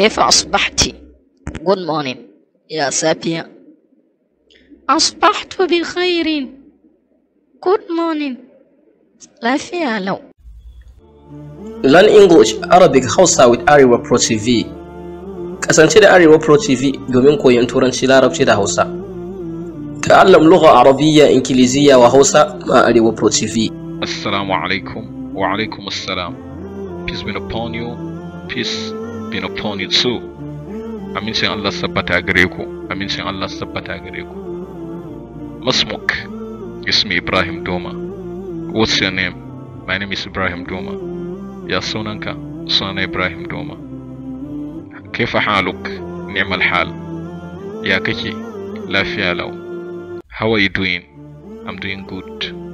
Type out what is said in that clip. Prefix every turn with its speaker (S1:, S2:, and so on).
S1: كيف أصبحت؟ Good morning يا سابيا أصبحت بخير Good morning لا lafiya lau
S2: Learn English Arabic Hausa with Arewa Pro TV Kasance da Arewa Pro TV domin koyon Turanci Larabci da هوسا تعلم لغة عربية إنكليزية وهوسا مع أريوا Pro TV
S3: السلام عليكم وعليكم السلام Peace be upon you Peace been upon you too amincin Allah sabbata gare ku Amin amincin Allah sabbata gare ku Masmuk ismi Ibrahim Doma what's your name my name is Ibrahim Doma ya sunanka sunana Ibrahim Doma kaifa haluk ni'mal hal ya kake lafiya lau how are you doing i'm doing good